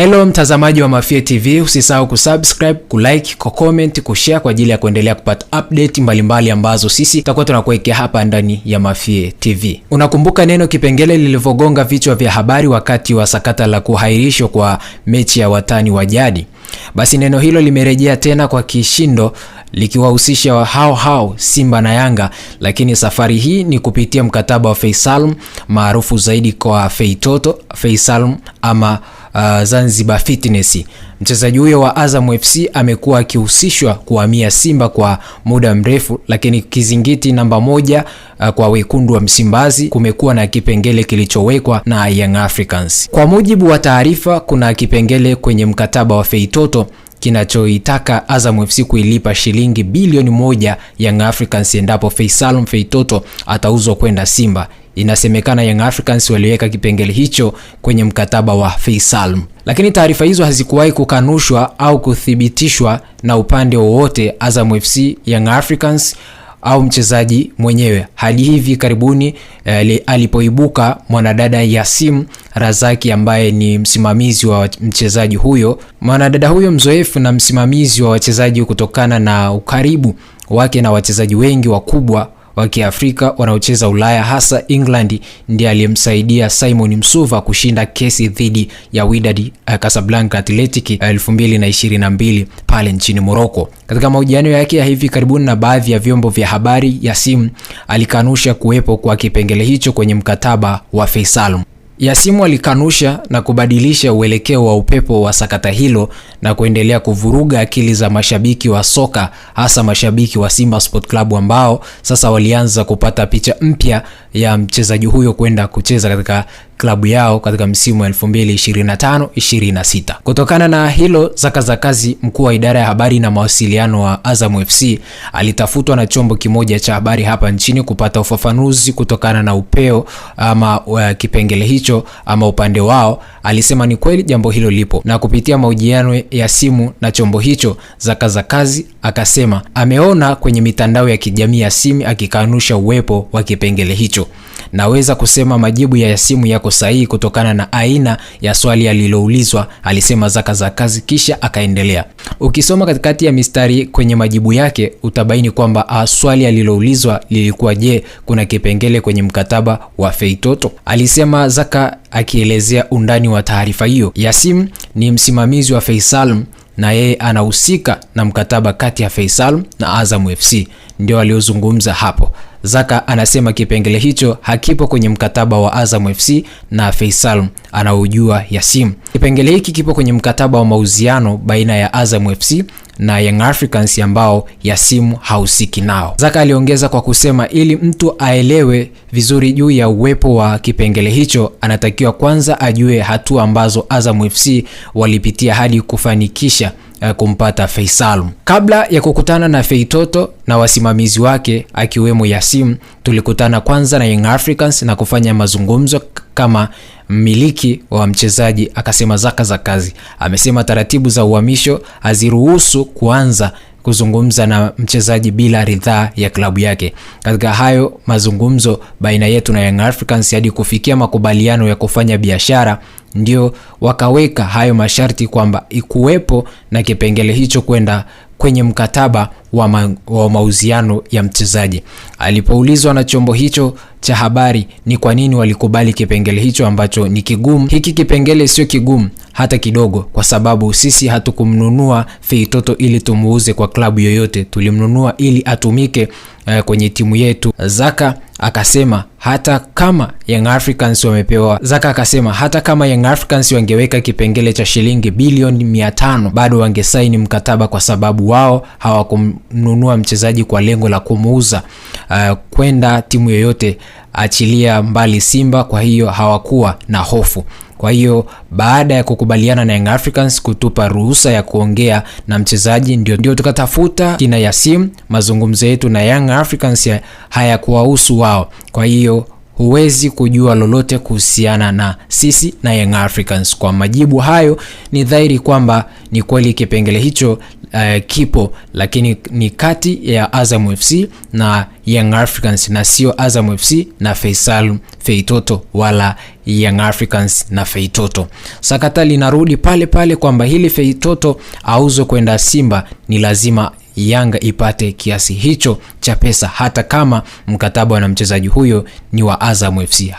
Hello mtazamaji wa Mafie TV, usisahau kusubscribe, kulike, kucomment, kushare kwa ajili ya kuendelea kupata update mbalimbali mbali ambazo sisi tutakuwa tunakuwekea hapa ndani ya Mafie TV. Unakumbuka neno kipengele lilivyogonga vichwa vya habari wakati wa sakata la kuhairishwa kwa mechi ya watani wa jadi? Basi neno hilo limerejea tena kwa kishindo likiwahusisha wa hao hao Simba na Yanga, lakini safari hii ni kupitia mkataba wa Faisal maarufu zaidi kwa Feitoto Faisal ama uh, Zanzibar Fitness. Mchezaji huyo wa Azam FC amekuwa akihusishwa kuhamia Simba kwa muda mrefu, lakini kizingiti namba moja uh, kwa wekundu wa Msimbazi kumekuwa na kipengele kilichowekwa na Young Africans. Kwa mujibu wa taarifa, kuna kipengele kwenye mkataba wa Feitoto kinachoitaka Azam FC kuilipa shilingi bilioni moja Young Africans endapo Faisal Feitoto atauzwa kwenda Simba. Inasemekana Young Africans waliweka kipengele hicho kwenye mkataba wa Faisal, lakini taarifa hizo hazikuwahi kukanushwa au kuthibitishwa na upande wowote, Azam FC, Young Africans au mchezaji mwenyewe. Hadi hivi karibuni eh, alipoibuka mwanadada Yasim Razaki ambaye ni msimamizi wa mchezaji huyo, mwanadada huyo mzoefu na msimamizi wa wachezaji kutokana na ukaribu wake na wachezaji wengi wakubwa wa Kiafrika wanaocheza Ulaya hasa England ndiye aliyemsaidia Simon Msuva kushinda kesi dhidi ya Wydad uh, Casablanca Athletic 2022 uh, eh, pale nchini Morocco. Katika mahojiano yake ya hivi karibuni na baadhi ya vyombo vya habari ya simu, alikanusha kuwepo kwa kipengele hicho kwenye mkataba wa Faisal. Yasimu alikanusha na kubadilisha uelekeo wa upepo wa sakata hilo na kuendelea kuvuruga akili za mashabiki wa soka hasa mashabiki wa Simba Sport Club ambao sasa walianza kupata picha mpya ya mchezaji huyo kwenda kucheza katika klabu yao katika msimu wa 2025-26. Kutokana na hilo zakazakazi, mkuu wa idara ya habari na mawasiliano wa Azam FC alitafutwa na chombo kimoja cha habari hapa nchini kupata ufafanuzi kutokana na upeo ama uh, kipengele hicho hicho ama upande wao alisema ni kweli jambo hilo lipo, na kupitia mahojiano ya simu na chombo hicho za kazi akasema ameona kwenye mitandao ya kijamii ya simu akikanusha uwepo wa kipengele hicho. Naweza kusema majibu ya simu yako sahihi kutokana na aina ya swali aliloulizwa, alisema zaka za kazi kisha akaendelea. Ukisoma katikati ya mistari kwenye majibu yake utabaini kwamba ah, swali aliloulizwa lilikuwa je, kuna kipengele kwenye mkataba wa Feitoto? Alisema Zaka akielezea undani wa taarifa hiyo. Yasim ni msimamizi wa Faisal na yeye anahusika na mkataba kati ya Faisal na Azam FC, ndio aliozungumza hapo. Zaka anasema kipengele hicho hakipo kwenye mkataba wa Azam FC na Faisal anaojua Yasim. Kipengele hiki kipo kwenye mkataba wa mauziano baina ya Azam FC na Young Africans ambao Yasimu hahusiki nao. Zaka aliongeza kwa kusema ili mtu aelewe vizuri juu ya uwepo wa kipengele hicho, anatakiwa kwanza ajue hatua ambazo Azam FC walipitia hadi kufanikisha eh, kumpata Faisal. Kabla ya kukutana na Feitoto na wasimamizi wake akiwemo Yasim, tulikutana kwanza na Young Africans na kufanya mazungumzo kama mmiliki wa mchezaji akasema zaka za kazi. Amesema taratibu za uhamisho haziruhusu kuanza kuzungumza na mchezaji bila ridhaa ya klabu yake. Katika hayo mazungumzo baina yetu na Young Africans hadi kufikia makubaliano ya kufanya biashara, ndio wakaweka hayo masharti kwamba ikuwepo na kipengele hicho kwenda kwenye mkataba wa, ma wa mauziano ya mchezaji. Alipoulizwa na chombo hicho cha habari ni kwa nini walikubali kipengele hicho ambacho ni kigumu, hiki kipengele sio kigumu, hata kidogo, kwa sababu sisi hatukumnunua Feitoto ili tumuuze kwa klabu yoyote. Tulimnunua ili atumike uh, kwenye timu yetu. Zaka akasema hata kama Young Africans wamepewa. Zaka akasema hata kama Young Africans wangeweka kipengele cha shilingi bilioni 500 bado wangesaini mkataba kwa sababu wao hawakumnunua mchezaji kwa lengo la kumuuza uh, kwenda timu yoyote, achilia mbali Simba. Kwa hiyo hawakuwa na hofu. Kwa hiyo baada ya kukubaliana na Young Africans kutupa ruhusa ya kuongea na mchezaji, ndio, ndio tukatafuta kina Yasim, mazungumzo yetu na Young Africans ya hayakuwahusu wao, kwa hiyo huwezi kujua lolote kuhusiana na sisi na Young Africans. Kwa majibu hayo, ni dhahiri kwamba ni kweli kipengele hicho uh, kipo, lakini ni kati ya Azam FC na Young Africans na sio Azam FC na Faisal Feitoto wala Young Africans na Feitoto. Sakata linarudi pale pale kwamba hili Feitoto auzwe kwenda Simba ni lazima Yanga ipate kiasi hicho cha pesa, hata kama mkataba na mchezaji huyo ni wa Azam FC.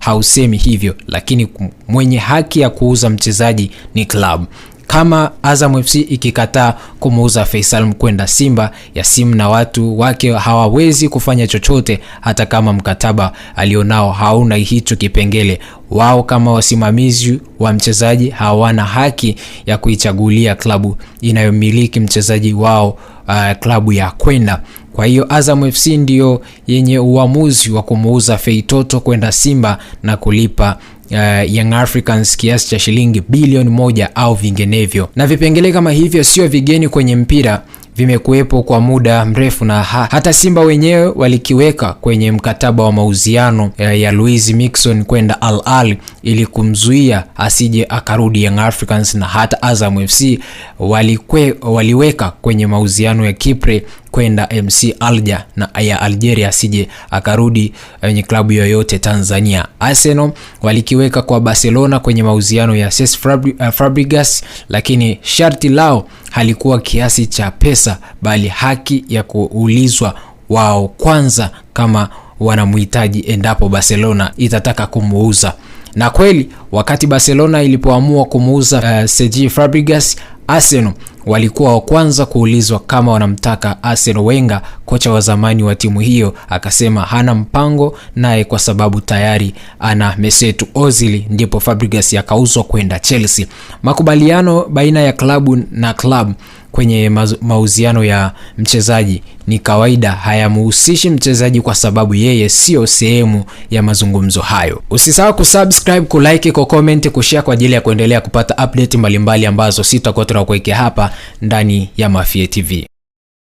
Hausemi hivyo, lakini mwenye haki ya kuuza mchezaji ni klabu kama Azam FC ikikataa kumuuza Faisal kwenda Simba, ya simu na watu wake hawawezi kufanya chochote, hata kama mkataba alionao hauna hicho kipengele. Wao kama wasimamizi wa mchezaji hawana haki ya kuichagulia klabu inayomiliki mchezaji wao, uh, klabu ya kwenda kwa hiyo Azam FC ndiyo yenye uamuzi wa kumuuza Feitoto kwenda Simba na kulipa uh, Young Africans kiasi cha shilingi bilioni moja au vinginevyo. Na vipengele kama hivyo sio vigeni kwenye mpira vimekuwepo kwa muda mrefu na ha, hata Simba wenyewe walikiweka kwenye mkataba wa mauziano ya, eh, ya Luis Mixon kwenda Al Ahly ili kumzuia asije akarudi Young Africans, na hata Azam FC walikwe, waliweka kwenye mauziano ya Kipre kwenda MC alja na ya Algeria asije akarudi eh, kwenye klabu yoyote Tanzania. Arsenal walikiweka kwa Barcelona kwenye mauziano ya Cesc eh, Fabregas, lakini sharti lao halikuwa kiasi cha pesa, bali haki ya kuulizwa wao kwanza kama wanamhitaji endapo Barcelona itataka kumuuza. Na kweli wakati Barcelona ilipoamua kumuuza uh, eh, sergi Fabregas Arsenal walikuwa wa kwanza kuulizwa kama wanamtaka arsenal Wenger, kocha wa zamani wa timu hiyo, akasema hana mpango naye kwa sababu tayari ana Mesut Ozil, ndipo Fabregas akauzwa kwenda Chelsea. Makubaliano baina ya klabu na klabu kwenye mauziano ya mchezaji ni kawaida hayamhusishi mchezaji kwa sababu yeye siyo sehemu ya mazungumzo hayo. Usisahau kusubscribe, kulike, kucomment, kushare kwa ajili ya kuendelea kupata update mbalimbali ambazo sitakuwa tunakuwekea hapa ndani ya Mafie TV.